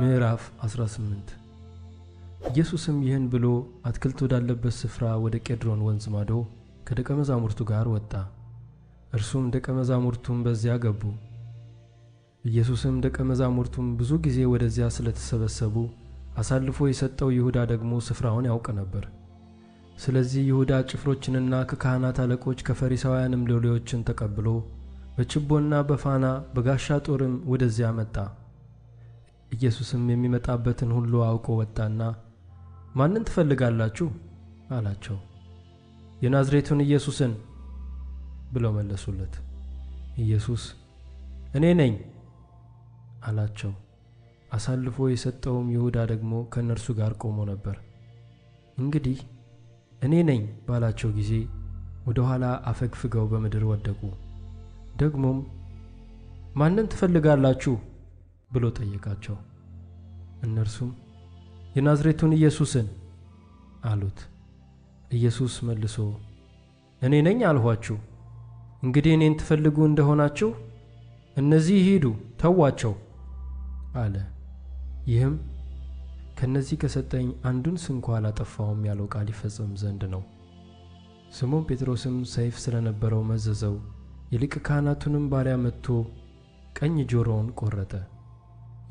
ምዕራፍ 18 ኢየሱስም ይህን ብሎ አትክልት ወዳለበት ስፍራ ወደ ቄድሮን ወንዝ ማዶ ከደቀ መዛሙርቱ ጋር ወጣ። እርሱም ደቀ መዛሙርቱም በዚያ ገቡ። ኢየሱስም ደቀ መዛሙርቱም ብዙ ጊዜ ወደዚያ ስለተሰበሰቡ አሳልፎ የሰጠው ይሁዳ ደግሞ ስፍራውን ያውቅ ነበር። ስለዚህ ይሁዳ ጭፍሮችንና ከካህናት አለቆች ከፈሪሳውያንም ሎሌዎችን ተቀብሎ በችቦና በፋና በጋሻ ጦርም ወደዚያ መጣ። ኢየሱስም የሚመጣበትን ሁሉ አውቆ ወጣና ማንን ትፈልጋላችሁ አላቸው። የናዝሬቱን ኢየሱስን ብለው መለሱለት። ኢየሱስ እኔ ነኝ አላቸው። አሳልፎ የሰጠውም ይሁዳ ደግሞ ከእነርሱ ጋር ቆሞ ነበር። እንግዲህ እኔ ነኝ ባላቸው ጊዜ ወደ ኋላ አፈግፍገው በምድር ወደቁ። ደግሞም ማንን ትፈልጋላችሁ ብሎ ጠየቃቸው። እነርሱም የናዝሬቱን ኢየሱስን አሉት። ኢየሱስ መልሶ እኔ ነኝ አልኋችሁ። እንግዲህ እኔን ትፈልጉ እንደሆናችሁ እነዚህ ሂዱ ተዋቸው አለ። ይህም ከነዚህ ከሰጠኝ አንዱን ስንኳ አላጠፋውም ያለው ቃል ይፈጸም ዘንድ ነው። ስምዖን ጴጥሮስም ሰይፍ ስለነበረው መዘዘው፣ የሊቀ ካህናቱንም ባሪያ መጥቶ ቀኝ ጆሮውን ቆረጠ።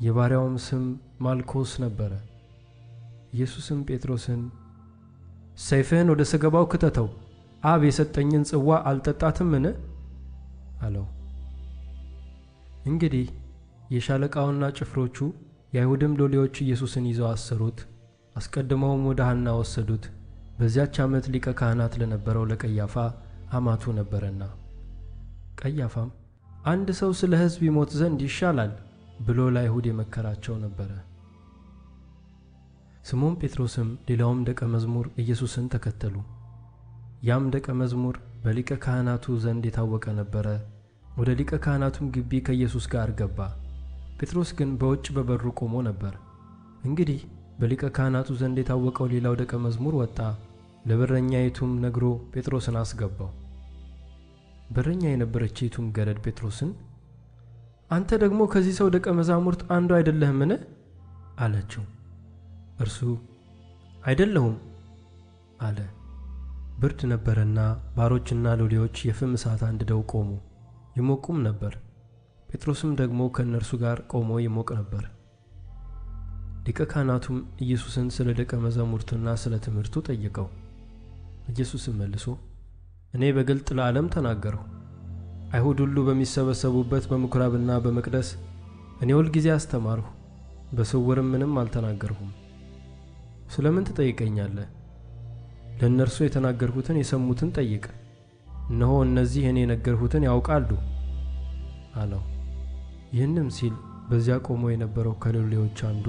የባሪያውም ስም ማልኮስ ነበረ። ኢየሱስም ጴጥሮስን ሰይፍህን ወደ ሰገባው ክተተው፣ አብ የሰጠኝን ጽዋ አልጠጣትምን? አለው። እንግዲህ የሻለቃውና ጭፍሮቹ የአይሁድም ሎሌዎች ኢየሱስን ይዘው አሰሩት፣ አስቀድመውም ወደ ሐና ወሰዱት። በዚያች ዓመት ሊቀ ካህናት ለነበረው ለቀያፋ አማቱ ነበረና። ቀያፋም አንድ ሰው ስለ ሕዝብ ይሞት ዘንድ ይሻላል ብሎ ለአይሁድ የመከራቸው ነበረ። ስምዖን ጴጥሮስም ሌላውም ደቀ መዝሙር ኢየሱስን ተከተሉ። ያም ደቀ መዝሙር በሊቀ ካህናቱ ዘንድ የታወቀ ነበረ። ወደ ሊቀ ካህናቱም ግቢ ከኢየሱስ ጋር ገባ። ጴጥሮስ ግን በውጭ በበሩ ቆሞ ነበር። እንግዲህ በሊቀ ካህናቱ ዘንድ የታወቀው ሌላው ደቀ መዝሙር ወጣ፣ ለበረኛይቱም ነግሮ ጴጥሮስን አስገባው። በረኛ የነበረችይቱም ገረድ ጴጥሮስን አንተ ደግሞ ከዚህ ሰው ደቀ መዛሙርት አንዱ አይደለህምን? አለችው። እርሱ አይደለሁም አለ። ብርድ ነበረና ባሮችና ሎሌዎች የፍም እሳት አንድደው ቆሙ፣ ይሞቁም ነበር። ጴጥሮስም ደግሞ ከእነርሱ ጋር ቆሞ ይሞቅ ነበር። ሊቀ ካህናቱም ኢየሱስን ስለ ደቀ መዛሙርቱና ስለ ትምህርቱ ጠየቀው። ኢየሱስም መልሶ እኔ በግልጥ ለዓለም ተናገርሁ አይሁድ ሁሉ በሚሰበሰቡበት በምኵራብና በመቅደስ እኔ ሁልጊዜ አስተማርሁ፣ በስውርም ምንም አልተናገርሁም። ስለምን ትጠይቀኛለህ? ለእነርሱ የተናገርሁትን የሰሙትን ጠይቅ። እነሆ እነዚህ እኔ የነገርሁትን ያውቃሉ አለው። ይህንም ሲል በዚያ ቆሞ የነበረው ከሎሌዎች አንዱ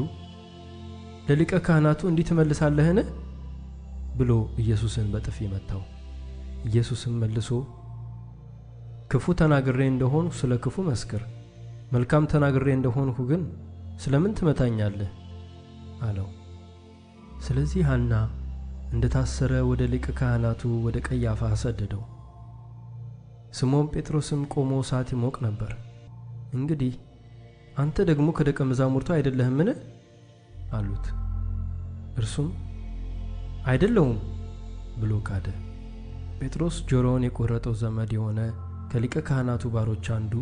ለሊቀ ካህናቱ እንዲህ ትመልሳለህን? ብሎ ኢየሱስን በጥፊ መታው። ኢየሱስም መልሶ ክፉ ተናግሬ እንደሆንሁ ስለ ክፉ መስክር፣ መልካም ተናግሬ እንደሆንሁ ግን ስለምን ትመታኛለህ? አለው። ስለዚህ ሐና እንደታሰረ ወደ ሊቀ ካህናቱ ወደ ቀያፋ ሰደደው። ስምዖን ጴጥሮስም ቆሞ እሳት ይሞቅ ነበር። እንግዲህ አንተ ደግሞ ከደቀ መዛሙርቱ አይደለህምን? አሉት። እርሱም አይደለሁም ብሎ ካደ። ጴጥሮስ ጆሮውን የቆረጠው ዘመድ የሆነ ከሊቀ ካህናቱ ባሮች አንዱ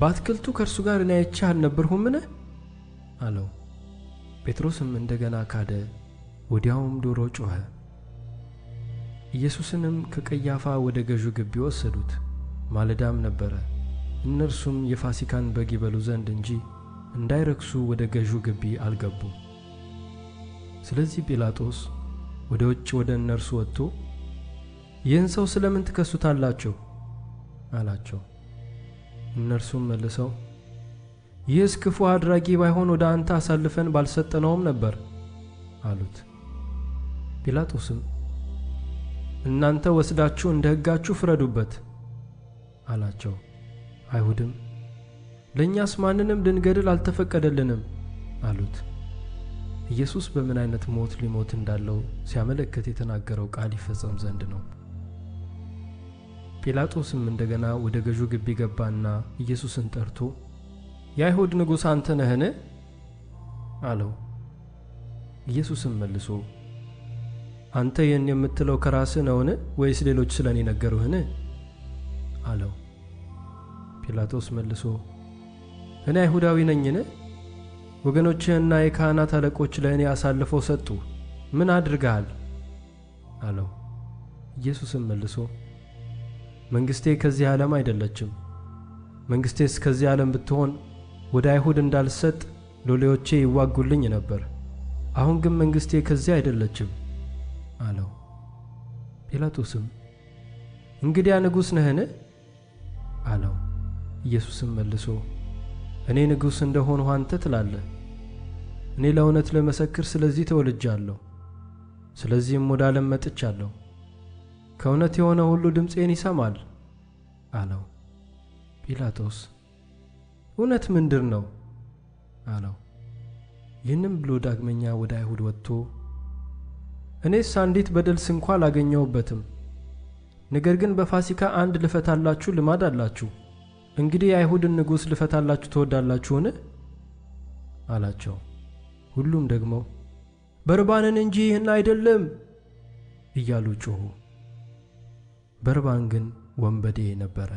በአትክልቱ ከእርሱ ጋር እኔ አይቼህ አልነበርሁምን? አለው። ጴጥሮስም እንደገና ካደ፣ ወዲያውም ዶሮ ጮኸ። ኢየሱስንም ከቀያፋ ወደ ገዡ ግቢ ወሰዱት። ማለዳም ነበረ። እነርሱም የፋሲካን በግ ይበሉ ዘንድ እንጂ እንዳይረክሱ ወደ ገዡ ግቢ አልገቡም። ስለዚህ ጲላጦስ ወደ ውጭ ወደ እነርሱ ወጥቶ ይህን ሰው ስለምን ትከሱታላችሁ? አላቸው። እነርሱም መልሰው ይህስ ክፉ አድራጊ ባይሆን ወደ አንተ አሳልፈን ባልሰጠነውም ነበር አሉት። ጲላጦስም እናንተ ወስዳችሁ እንደ ሕጋችሁ ፍረዱበት አላቸው። አይሁድም ለእኛስ ማንንም ልንገድል አልተፈቀደልንም አሉት። ኢየሱስ በምን ዓይነት ሞት ሊሞት እንዳለው ሲያመለክት የተናገረው ቃል ይፈጸም ዘንድ ነው። ጲላጦስም እንደገና ወደ ገዡ ግቢ ገባና ኢየሱስን ጠርቶ የአይሁድ ንጉሥ አንተ ነህን? አለው። ኢየሱስም መልሶ አንተ ይህን የምትለው ከራስህ ነውን? ወይስ ሌሎች ስለ እኔ ነገሩህን? አለው። ጲላጦስ መልሶ እኔ አይሁዳዊ ነኝን? ወገኖችህና የካህናት አለቆች ለእኔ አሳልፈው ሰጡ። ምን አድርገሃል? አለው። ኢየሱስም መልሶ መንግሥቴ ከዚህ ዓለም አይደለችም። መንግሥቴስ ከዚህ ዓለም ብትሆን ወደ አይሁድ እንዳልሰጥ ሎሌዎቼ ይዋጉልኝ ነበር። አሁን ግን መንግሥቴ ከዚህ አይደለችም አለው። ጲላጦስም እንግዲያ ንጉሥ ነህን? አለው። ኢየሱስም መልሶ እኔ ንጉሥ እንደሆንሁ አንተ ትላለህ። እኔ ለእውነት ለመሰክር ስለዚህ ተወልጃለሁ፣ ስለዚህም ወደ ዓለም መጥቻለሁ ከእውነት የሆነ ሁሉ ድምፄን ይሰማል አለው። ጲላጦስ እውነት ምንድር ነው አለው። ይህንም ብሎ ዳግመኛ ወደ አይሁድ ወጥቶ እኔስ አንዲት በደል ስንኳ አላገኘውበትም። ነገር ግን በፋሲካ አንድ ልፈታላችሁ ልማድ አላችሁ። እንግዲህ የአይሁድን ንጉሥ ልፈታላችሁ ትወዳላችሁን? አላቸው። ሁሉም ደግሞ በርባንን እንጂ ይህን አይደለም እያሉ ጮኹ። በርባን ግን ወንበዴ ነበረ።